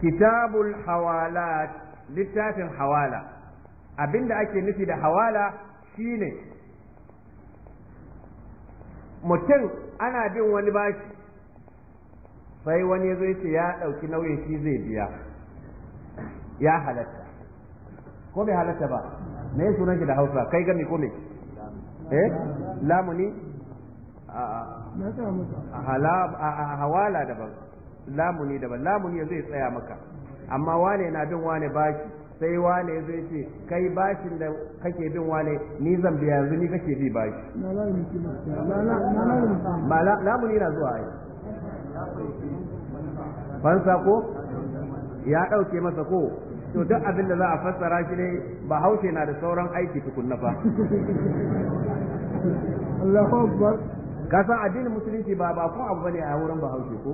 kitabul hawalat littafin hawala abinda ake nufi da hawala shine mutum ana bin wani bashi sai wani zai ce ya ɗauki nauyin shi zai biya ya halatta ko bai halatta ba me sunan shi da hausa kai gami ko me eh lamuni a hawala da ba. lamuni daban lamuni zai tsaya maka amma wane na bin wane baki sai wane zai ce kai bashin da kake bin wane ni zan biya yanzu ni kake bi bashi ba lamuni na zuwa ai fansa ko ya ɗauke masa ko to duk abin da za a fassara shi ne ba haushe na da sauran aiki tukunna ba. Allahu Akbar ka san addinin musulunci ba ba ko abu bane a wurin bahaushe ko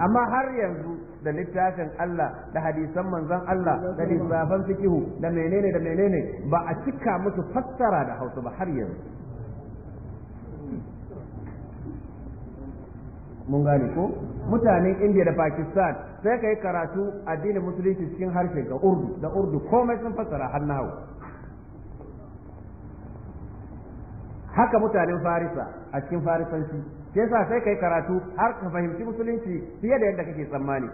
amma har yanzu da littafin Allah da hadisan manzon Allah da lissafan fikihu da menene da menene ba a cika musu fassara da Hausa ba har yanzu mun gane ko mutanen India da Pakistan sai ka yi karatu addinin musulunci cikin harshe ga Urdu da Urdu komai sun fassara har nawo haka mutanen Farisa a cikin Farisanci sai sa sai kai karatu har ka fahimci musulunci fiye da yadda kake tsammani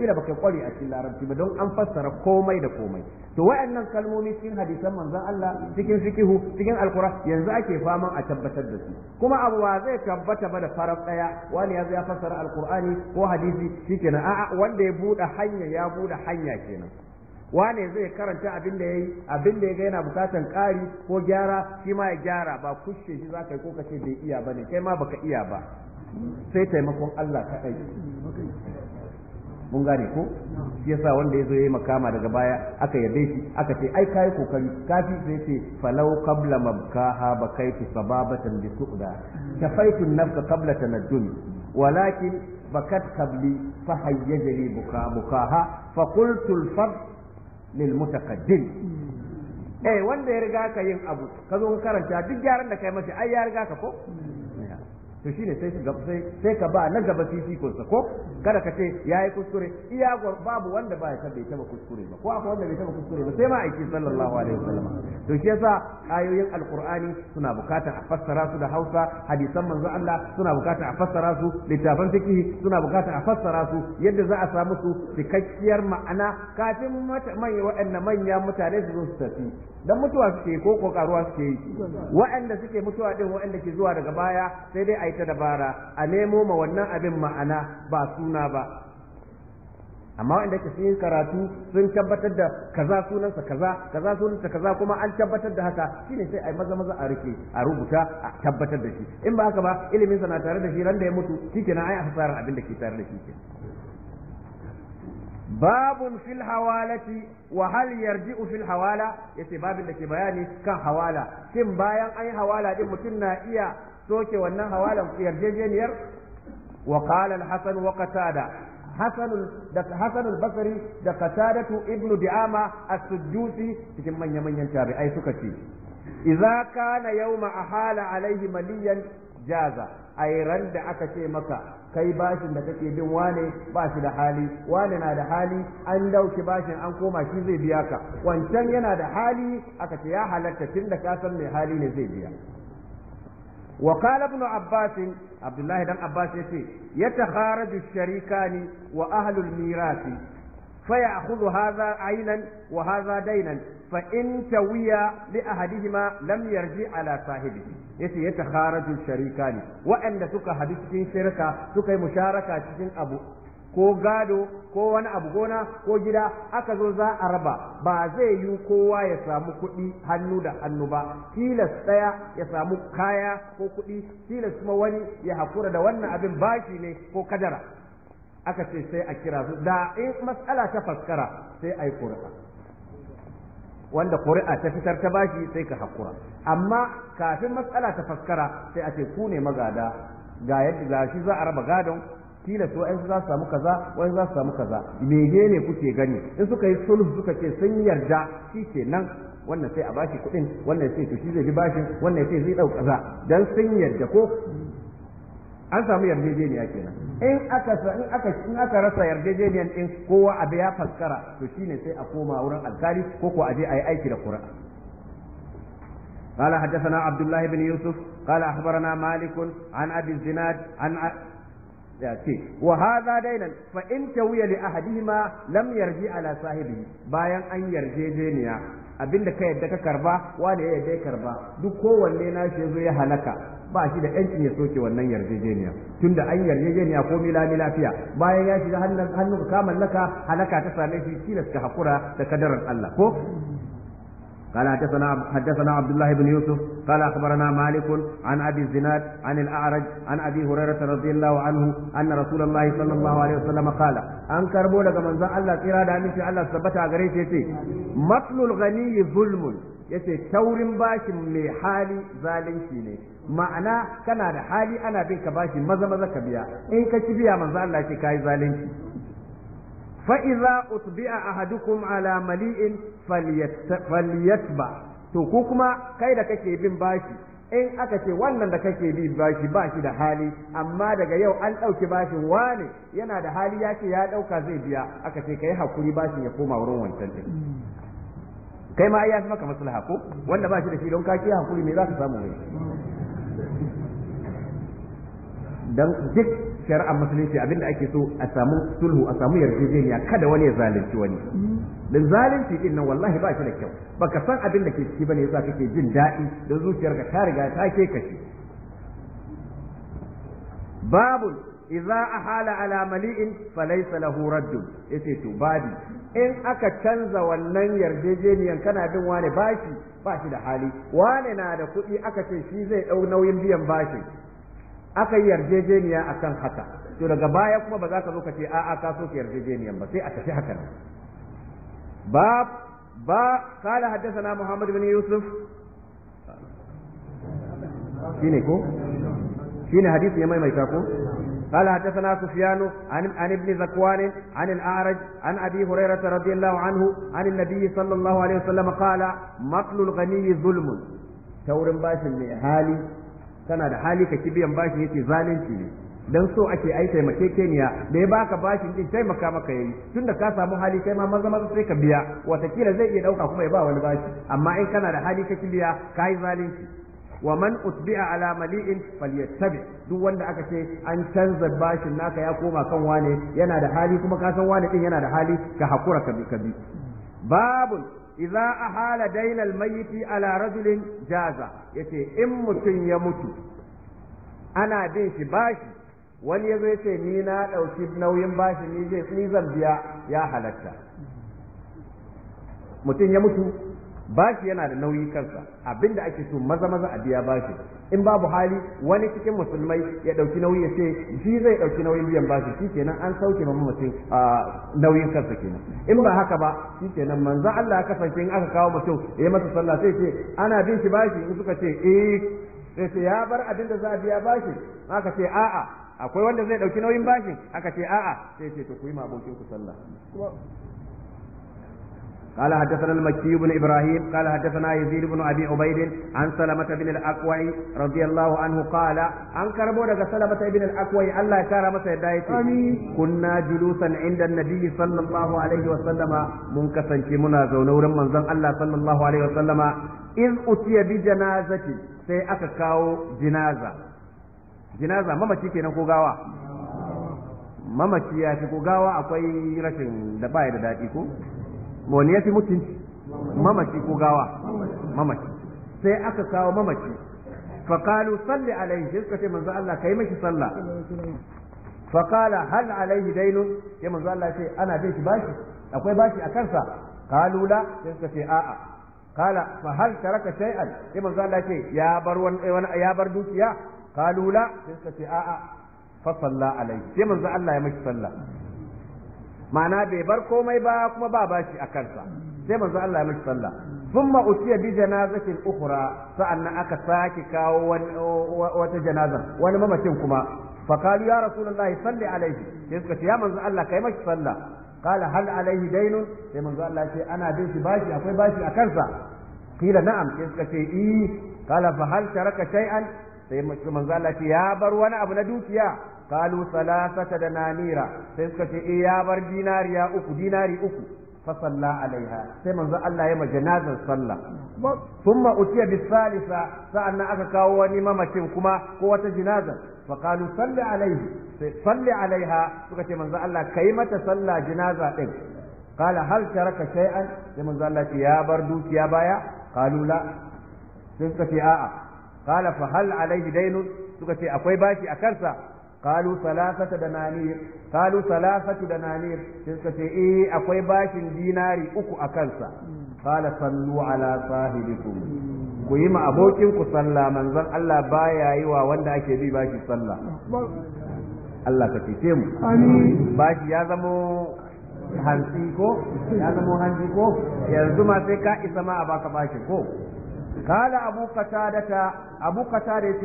kila baka kware a cikin larabci ba don an fassara komai da komai to wayannan kalmomi cikin hadisan manzon Allah cikin fikihu cikin alkura yanzu ake faman a tabbatar da su kuma abu ba zai tabbata ba da farar ɗaya wani ya ya fassara alqur'ani ko hadisi shikenan a'a wanda ya buɗe hanya ya buɗe hanya kenan wane zai karanta abin da yayi abin da yaga yana bukatan ƙari ko gyara shi ma ya gyara ba kushe shi zaka yi ko kace bai iya bane kai ma baka iya ba sai taimakon Allah kaɗai. mun gane ko shi yasa wanda ya zo ya yi makama daga baya aka yabe shi aka ce ai kai kokari kafi sai ce falau qabla mabkaha bakaitu sababatan bi suqda kafaitu nafka qabla tanajjuni walakin bakat kabli fa hayyajali buka bukaha fa qultu al-fadl lil mutaqaddim hmm. eh wanda ya riga ka yin abu ka zo ka karanta duk gyaran da kai mashi ai ya riga ka ko hmm. to shi ne sai ka ba na gaba fifikon ko kada ka ce ya yi kuskure iya babu wanda ba ya bai taba kuskure ba ko akwai wanda bai taba kuskure ba sai ma aiki sallallahu alaihi wasallam to shi yasa ayoyin alqur'ani suna bukatar a fassara su da Hausa hadisan manzo Allah suna bukatar a fassara su littafan fiqh suna bukatar a fassara su yadda za a samu su cikakkiyar ma'ana kafin manya wa'anna manya mutane su zo su tafi dan mutuwa suke ko ko karuwa suke yi waɗanda suke mutuwa din waɗanda ke zuwa daga baya sai dai a ita dabara a nemo ma wannan abin ma'ana ba suna ba amma inda ke sun karatu sun tabbatar da kaza sunansa kaza kaza sunansa kaza kuma an tabbatar da haka shine sai ai maza maza a rike a rubuta a tabbatar da shi in ba haka ba ilimin sa na tare da shi ran da ya mutu na ai asarar abin da ke tare da shi babun fil hawalati wa hal yarji'u fil hawala yace babin da ke bayani kan hawala kin bayan an yi hawala din mutum na iya soke wannan hawalan yarjejeniyar wa qala al-hasan wa qatada hasan da hasanul basri da qatadatu ibnu di'ama as-suddusi cikin manyan manyan tabi'ai suka ce idza kana yawma ahala alaihi maliyan jaza ai da aka ce maka kai bashin da take bin wane bashi da hali wane na da hali an dauki bashin an koma shi zai biya ka wancan yana da hali aka ce ya halatta tun da ka san mai hali ne zai biya وقال ابن عباس عبد الله بن عباس يتي يتخارج الشريكان وأهل الميراث فيأخذ هذا عينا وهذا دينا فإن تويا لأحدهما لم يرجع على صاحبه yace ya takharaju sharika ne waɗanda suka hadu cikin shirka suka yi musharaka cikin abu ko gado ko wani abu gona ko gida aka zo za a raba ba zai yi kowa ya samu kuɗi hannu da hannu ba tilas ɗaya ya samu kaya ko kuɗi tilas kuma wani ya hakura da wannan abin bashi ne ko kadara aka ce sai a kira su da in matsala ta faskara sai a yi ƙuri'a wanda ƙuri'a ta fitar ta bashi sai ka hakura amma kafin matsala ta faskara sai a ce ku ne magada ga yadda za shi za a raba gadon kila to ai za su samu kaza wai za su samu kaza ne kuke gani in suka yi sulhu suka ce sun yarda shi kenan wannan sai a bashi kuɗin wannan sai to shi zai bi bashin wannan sai zai ɗauka kaza dan sun yarda ko an samu yarjejeniya kenan in aka in aka in aka rasa yarjejeniyan din kowa abu ya faskara to shine sai a koma wurin alkali ko ko aje ayi aiki da qur'a قال حدثنا عبد الله بن يوسف قال أخبرنا مالك عن أبي الزناد عن ya ce wa hadha dainan fa in tawiya li ahadihima lam yarji ala sahibi bayan an yarjejeniya abinda ka yadda ka karba wani ya yadda ya karba duk kowanne na shi zo ya halaka ba shi da yancin ya soke wannan yarjejeniya tunda an yarjejeniya ko milami lafiya bayan ya shiga hannun ka mallaka halaka ta same shi tilas ka hakura da kadarar Allah ko قال حدثنا حدثنا عبد الله بن يوسف قال اخبرنا مالك عن ابي الزناد عن الاعرج عن ابي هريره رضي الله عنه ان رسول الله صلى الله عليه وسلم قال ان كربو daga manzon Allah tsira da aminci Allah tabbata gare shi yace matlul ghani zulmun yace taurin bashin mai hali zalunci ne ma'ana kana da hali ana bin ka bashi maza maza ka biya in ka ci biya manzo Allah ce kai zalunci fa'iza a ahadukum alamali in falyatba to ko kuma kai da kake bin bashi in aka ce wannan da kake bi bashi ba shi da hali amma daga yau an ɗauki bashin wane yana da hali ya ce ya ɗauka zai biya aka ce ka yi hakuri bashi ya koma wurin wancan ɗin kai ma ya fi maka maslaha ko wanda ba shi da shi don ka kiya hakuri me za ka samu wai dan duk shari'ar musulunci abin da ake so a samu sulhu a samu yarjejeniya kada wani ya zalunci wani dan zalunci din nan wallahi ba shi da kyau baka san abin da ke ciki bane yasa kake jin daɗi da ka ta riga ta ke kashi babu idza ahala ala mali'in falaysa lahu radd yace to babi in aka canza wannan yarjejeniyan kana bin wani bashi ba shi da hali wane na da kuɗi aka ce shi zai ɗau nauyin biyan bashi aka yi yarjejeniya a kan haka to daga baya kuma ba za ka zo ka ce a'a ka so ki yarjejeniyan ba sai a tafi haka nan ba ba kala haddasa muhammad bin yusuf shi ne ko shi ne hadisu ya maimaita ko قال حدثنا سفيان عن عن ابن ذكوان عن الاعرج عن ابي هريره رضي الله عنه عن النبي صلى الله عليه وسلم قال مقل الغني ظلم تورم باش حالي kana da hali ka biyan bashi yace zalunci ne dan so ake ai taimakekeniya da ya baka bashi din taimaka maka yayi tunda ka samu hali kai ma maza maza sai ka biya watakila zai iya dauka kuma ya ba wani bashi amma in kana da hali ka biya kai zalunci wa man utbi'a ala mali'in falyattabi duk wanda aka ce an canza bashin naka ya koma kan wane yana da hali kuma ka san wane din yana da hali ka hakura ka bi ka bi babun idza ahala dainal mayiti ala rajulin jaza yace in mutum ya mutu ana bin shi bashi wani ya zai ce ni na ɗauki nauyin bashi ni zai ni zan biya ya halatta mutum ya mutu bashi yana da nauyi kansa abinda ake so maza maza a biya bashi in babu hali wani cikin musulmai ya dauki nauyi ya ce shi zai dauki nauyin biyan bashi shikenan an sauke ma mutum nauyin kansa kenan in ba haka ba shikenan manzo Allah ya kasance in aka kawo mutum ya masa sallah sai ce ana bin shi bashi in suka ce eh sai ce ya bar abin da za a biya bashi aka ce a'a akwai wanda zai dauki nauyin bashi aka ce a'a sai ce to ku yi ma ku sallah قال حدثنا المكي بن إبراهيم قال حدثنا يزيد بن أبي عبيد عن سلمة بن الأقوع رضي الله عنه قال عن كربونا سلمة بن الأقوع الله كرم سيدايتي كنا جلوسا عند النبي صلى الله عليه وسلم منكسا كمنا زونورا من زن الله صلى الله عليه وسلم إذ أتي بجنازة سيأككاو جنازة جنازة ماما تيكي نكو ماما تيكي نكو akwai rashin da baya da daɗi ko wani ya fi mutum mamaci ko gawa mamaci sai aka kawo mamaci faƙalu salli alaihi shi suka ce manzo Allah ka kai mashi sallah faƙala hal alaihi dainun ya manzo Allah ce ana bin shi bashi akwai bashi a kansa kalula sai suka ce a'a kala fa hal taraka shay'an ya manzo Allah ce ya bar wani eh, dukiya kalula sai suka ce a'a fa salla alaihi sai manzo Allah ya mashi sallah ma'ana bai bar komai ba kuma ba bashi a kansa sai manzo Allah ya mishi sallah thumma utiya bi janazatin ukhra sa'annan aka sake kawo wata janaza wani mamacin kuma فقالوا يا رسول الله salli alaihi sai suka ce ya كيما allah قال هل عليه دين يا من الله شيء انا بيش باشي اكوي ana اكنسا shi bashi akwai bashi a kansa ترك na'am sai manzo Allah ce ya bar wani abu na dukiya qalu da dananira sai suka ce eh, ya bar dinariya uku dinari uku fa salla alaiha sai manzo Allah ya majanazar sallah thumma utiya bis salisa sa'annan aka kawo wani mamacin kuma ko wata jinaza fa qalu salli alaihi sai salli alaiha suka ce mata sallah jinaza din قال هل ترك شيئا لمن ظل يا بردوك يا بايا قالوا لا سنك آآ قال فهل عليه دين سنك في باشي أكرسا qalu da dananir qalu salasatu dananir sai suka ce eh akwai bashin dinari uku a kansa qala sallu ala sahibikum ku yi ma abokin ku sallah manzon Allah baya yi wa wanda ake bi bashi sallah Allah ka cece mu amin bashi ya zamo hantsi ya zamo hantsi yanzu ma sai ka isa ma abaka baka ko قال أبو قتادة أبو قتادة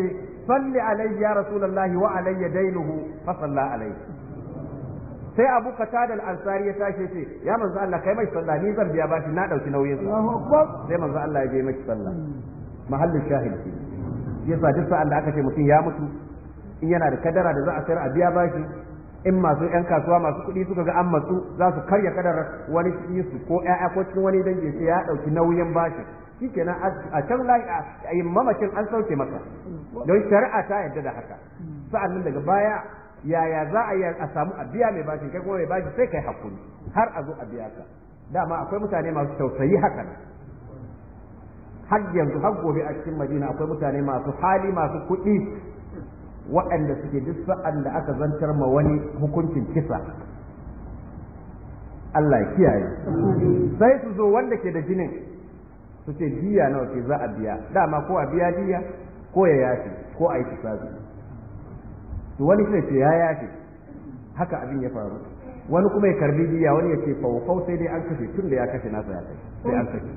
صل علي يا رسول الله وعلي دينه فصلى عليه sai abu katada al ansari ya tashi ce ya manzo Allah kai mai sallah ni zan biya ba na dauki nauyin sa sai manzo Allah ya je mai sallah mahallin shahid sa duk sa'an da aka ce mutum ya mutu in yana da kadara da za a sayar a biya bashi in masu yan kasuwa masu kuɗi suka ga an matsu za su karya kadarar wani su ko ƴaƴa ko cikin wani dangi sai ya ɗauki nauyin bashi shikenan a can lai a mamakin an sauke masa don shari'a ta yadda da haka sa'an nan daga baya yaya za a yi a samu a biya mai bashin kai kuma mai bashi sai kai hakuri har a zo a biya ka dama akwai mutane masu tausayi haka har yanzu har gobe a cikin madina akwai mutane masu hali masu kuɗi waɗanda suke duk sa'an da aka zantar ma wani hukuncin kisa Allah ya kiyaye sai su zo wanda ke da jinin su ce diya nawa ce za a biya dama ko a biya diya ko ya yafe ko a yi tisabi to wani sai ce ya yafe haka abin ya faru wani kuma ya karbi diya wani ya ce fawfau sai dai an kashe tun da ya kashe nasa ya kai sai an kashe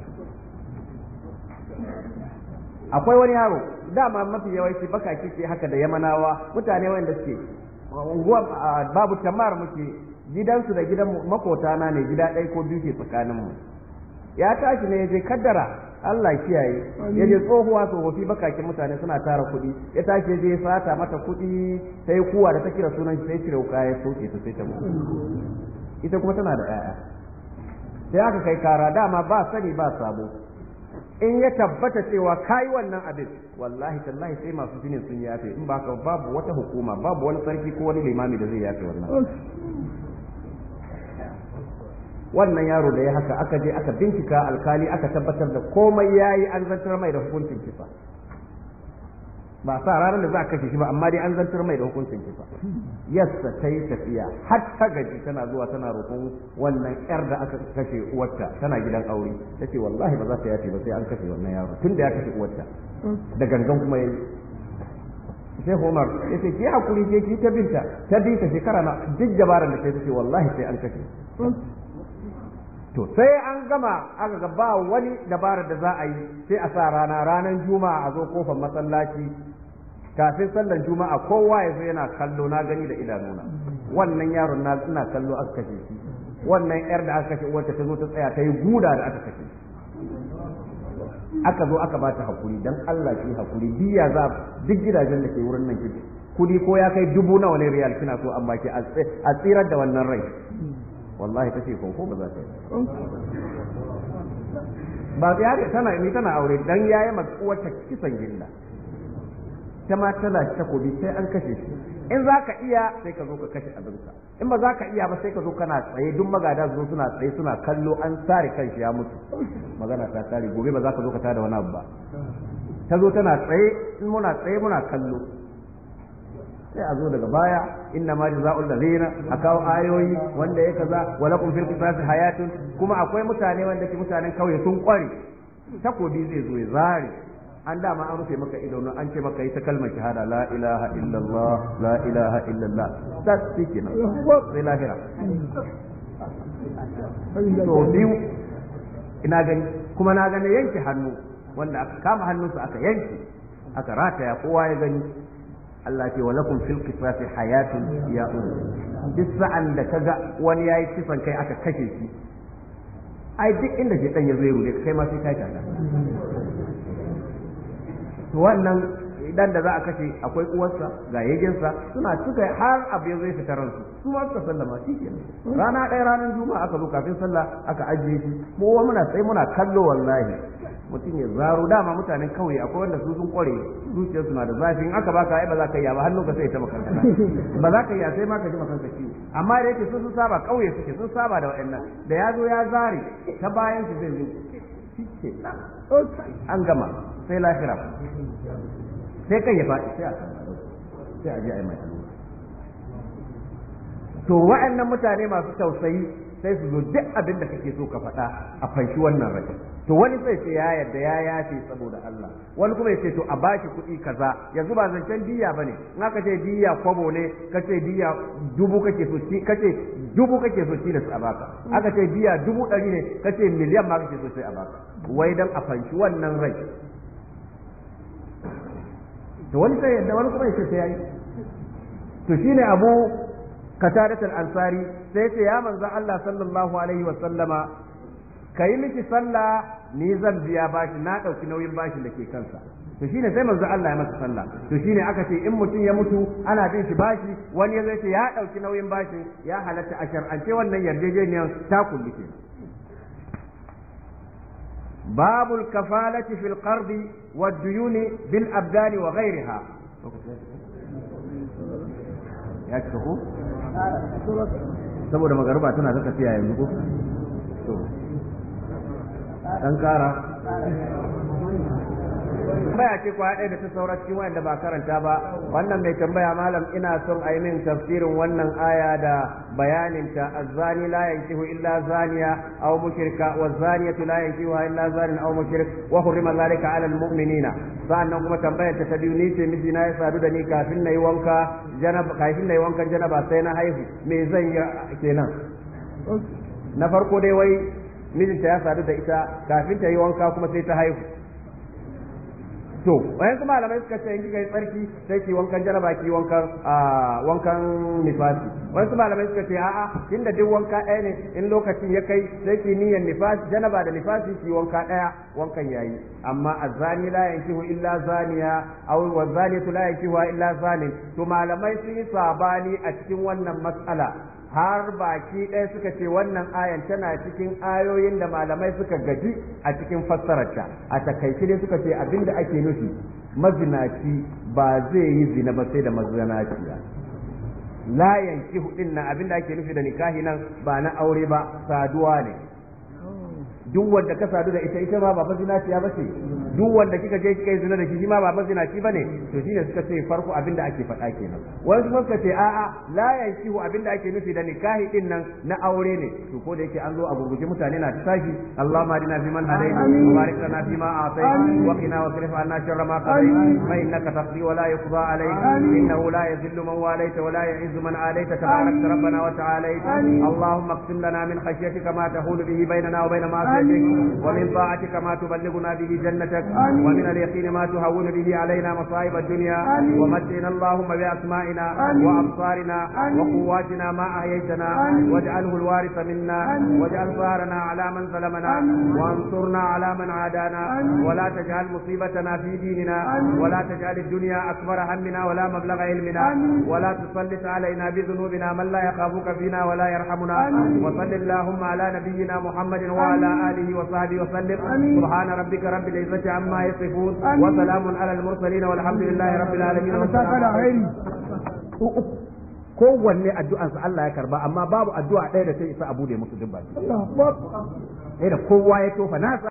akwai wani yaro dama mafi yawanci baka ce haka da yamanawa mutane wanda suke babu tamar muke gidansu da gidan makotana ne gida ɗaya ko biyu ke tsakaninmu ya tashi ne ya je kaddara Allah kiyaye ya je tsohuwa tsofaffi bakakin mutane suna tara kuɗi ya tashi je fata mata kuɗi yi kuwa da ta kira sunan sai cire wuka ya soke ta sai ta mutu ita kuma tana da ƴaƴa sai aka kai kara dama ba sani ba sabo in ya tabbata cewa kai wannan abin wallahi tallahi sai masu jinin sun yafe in ba ka babu wata hukuma babu wani sarki ko wani limami da zai yafe wannan wannan yaro da ya haka aka je aka bincika alkali aka tabbatar da komai yayi an zantar mai da hukuncin kisa ba sa ranar da za a kashe shi ba amma dai an zantar mai da hukuncin kisa yassa ta yi tafiya har ta gaji tana zuwa tana roƙon wannan yar da aka kashe uwarta tana gidan aure ta ce wallahi ba za ta yafe ba sai an kashe wannan yaro tun da ya kashe uwarta da gangan kuma ya sai Umar ya ce ki hakuri ke ki ta binta ta binta shekara na duk dabarar da ta ce wallahi sai an kashe to sai an gama aka ga ba wani dabarar da za a yi sai a sa rana ranar juma'a a zo kofar masallaci kafin sallan juma'a kowa ya zo yana kallo na gani da idanuna wannan yaron na ina kallo aka kashe shi wannan yar da aka kashe wacce ta zo ta tsaya ta yi guda da aka kashe aka zo aka ba ta hakuri dan Allah shi hakuri biya za duk gidajen da ke wurin nan kudi ko ya kai dubu nawa ne riyal kina so amma ki a tsirar da wannan rai wallahi kace ko ko ba za ta yi ba yare tana ni tana aure dan yayi ma uwarta kisan gilla ta ma tana takobi sai an kashe shi in za ka iya sai ka zo ka kashe abinka in ba za ka iya ba sai ka zo kana tsaye duk magada su suna tsaye suna kallo an sare kan shi ya mutu magana ta tare gobe ba za ka zo ka tada wani abu ba ta zo tana tsaye in muna tsaye muna kallo sai a zo daga baya inna ma jazaa'ul a kawo ayoyi wanda ya kaza wa lakum fil qisasi hayatun kuma akwai mutane wanda ke mutanen kauye sun kware takobi zai zo ya zare an dama an rufe maka ido an ce maka yi ta kalmar shahada la ilaha illallah la ilaha illallah that's it sai lahira to biyu ina gani kuma na gani yanke hannu wanda aka kama hannunsa aka yanke aka rataya kowa ya gani Allah ce wa lakum fil qisasi hayatun ya duk sa'an da kaga wani yayi kisan kai aka kashe shi ai duk inda shi dan ya zo kai ma sai ka kaga to wannan idan da za a kashe akwai uwarsa ga yagensa suna cika har abu ya zai fitar ransu su ma suka sallama shi ke rana ɗaya ranar juma'a aka zo kafin sallah aka ajiye shi mu muna sai muna kallo wallahi mutum ya zaro dama mutane kauye akwai wanda su sun kware zuciyar suna da zafi in aka baka ai ba za ka iya ba hannu ka sai ta makanka ba za ka iya sai ma ka ji makanka shi amma da yake sun sun saba kauye suke sun saba da waɗannan da ya zo ya zare ta bayan su zai zo an gama sai lahira sai kai ya faɗi sai a sai a je a yi mai to wa'annan mutane masu tausayi sai su zo duk abin da kake so ka faɗa a fanshi wannan rai to wani sai ce ya yadda ya yafe saboda Allah wani kuma yace to a bashi kuɗi kaza yanzu ba zancen diya bane in aka ce diya kwabo ne kace diya dubu kake so shi kace dubu kake so shi da su a baka aka ce diya dubu ɗari ne kace miliyan ma kake so sai a baka wai dan a fanshi wannan rai to wani sai da wani kuma yace sai yayi to shine abu قتادة الأنصاري سيتي يا من الله صلى الله عليه وسلم كيمك صلى نيزم زياباش ناتا وكنوي الباش اللي كي kansa to shine sai manzo Allah ya masa sallah to shine aka ce in mutum ya mutu ana bin shi bashi wani ya ce ya dauki nauyin bashi ya halatta a shar'ance wannan yarjejeniyar ta kulli kenan babul kafalati fil qardi wad duyuni bil abdani wa ghayriha ya ko saboda magaruba tana ta tafiya yanzu ko to dan kara baya ce kwa ɗaya da ta saura cikin wanda ba karanta ba wannan mai tambaya malam ina son a yi min tafsirin wannan aya da bayanin ta azzani la yankihu illa zaniya aw mushrika wa zaniyatu la yankihu illa zanin aw mushrik wa hurrima zalika ala almu'minina sannan kuma tambayar ta biyu ni ce miji na ya sadu da ni kafin na yi wanka janaba kafin na yi wankan janaba sai na haihu me zan yi kenan na farko dai wai mijinta ya sadu da ita kafin ta yi wanka kuma sai ta haihu to wayan yanzu malamai suka ce in kika yi tsarki sai ki wankan jaraba ki wankan ah, wankan nifasi wayan malamai suka ce a'a inda duk wanka ɗaya ne in lokacin ya kai sai ki niyyar nifasi janaba da nifasi ki wanka ɗaya wankan yayi amma azani la yankihu illa zaniya aw wa zaniyatu la yankihu illa zani, to malamai sun yi sabani a cikin wannan matsala. har baki ɗaya suka ce wannan ayan tana cikin ayoyin da malamai suka gaji a cikin fassararta a takaice dai suka ce abinda ake nufi mazinaci ba zai yi zina ba sai da mazinaci la yanki hudin nan abinda ake nufi da nikahi nan ba na aure ba saduwa ne duk wanda ka sadu da ita ita ma ba mazinaciya ba ce duk wanda kika je kika yi zina da shi ma ba mazinaci ba ne to shine suka ce farko abin da ake faɗa kenan wani kuma suka ce a'a la abin da ake nufi da nikahi din nan na aure ne to ko da yake an zo a gurguje mutane na ta tashi Allahumma adina fi man hadayt wa barik lana fi ma atayt wa qina wa anna sharra ma fa innaka taqdi wa la yuqda innahu la yadhillu man wa la yu'izzu man rabbana wa طاعتك ومن طاعتك ما تبلغنا به جنتك ومن اليقين ما تهون به علينا مصائب الدنيا ومتعنا اللهم بأسمائنا وأبصارنا وقواتنا ما أحييتنا واجعله الوارث منا واجعل ظهرنا على من ظلمنا وانصرنا على من عادانا ولا تجعل مصيبتنا في ديننا ولا تجعل الدنيا أكبر همنا ولا مبلغ علمنا ولا تسلط علينا بذنوبنا من لا يخافك فينا ولا يرحمنا وصل اللهم على نبينا محمد وعلى آله آله وصحبه وسلم سبحان ربك رب العزة عما يصفون وسلام على المرسلين والحمد لله رب العالمين kowanne addu'ansa Allah ya karba amma babu addu'a ɗaya da ta isa abu da musu dubba. Allah da kowa ya tofa nasa